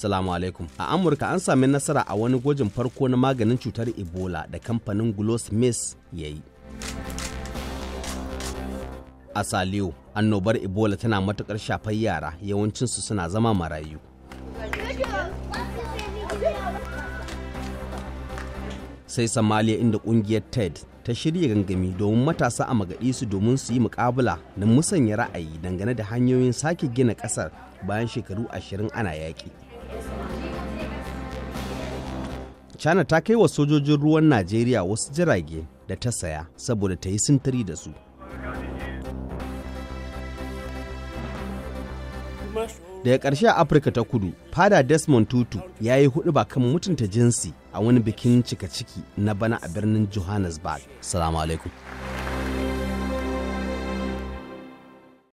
Salamu alaikum. A Amurka an sami nasara a wani gwajin farko na maganin cutar Ebola da kamfanin Glosmith ya yi. A Saliyo, annobar Ebola tana matuƙar shafar yara yawancinsu suna zama marayu. Sai Somalia inda ƙungiyar TED ta shirya gangami domin matasa a magaɗi su domin su yi mukabula na musanya ra'ayi dangane da hanyoyin sake gina ƙasar bayan shekaru ashirin ana yaƙi. China ta kai wa sojojin ruwan Najeriya wasu jirage da ta saya saboda ta yi sintiri da su. Daga ƙarshe a Afirka ta kudu, fada Desmond Tutu ya yi hudu ba kan mutunta jinsi a wani bikin cika ciki na bana a birnin Johannesburg. Salamu alaikum.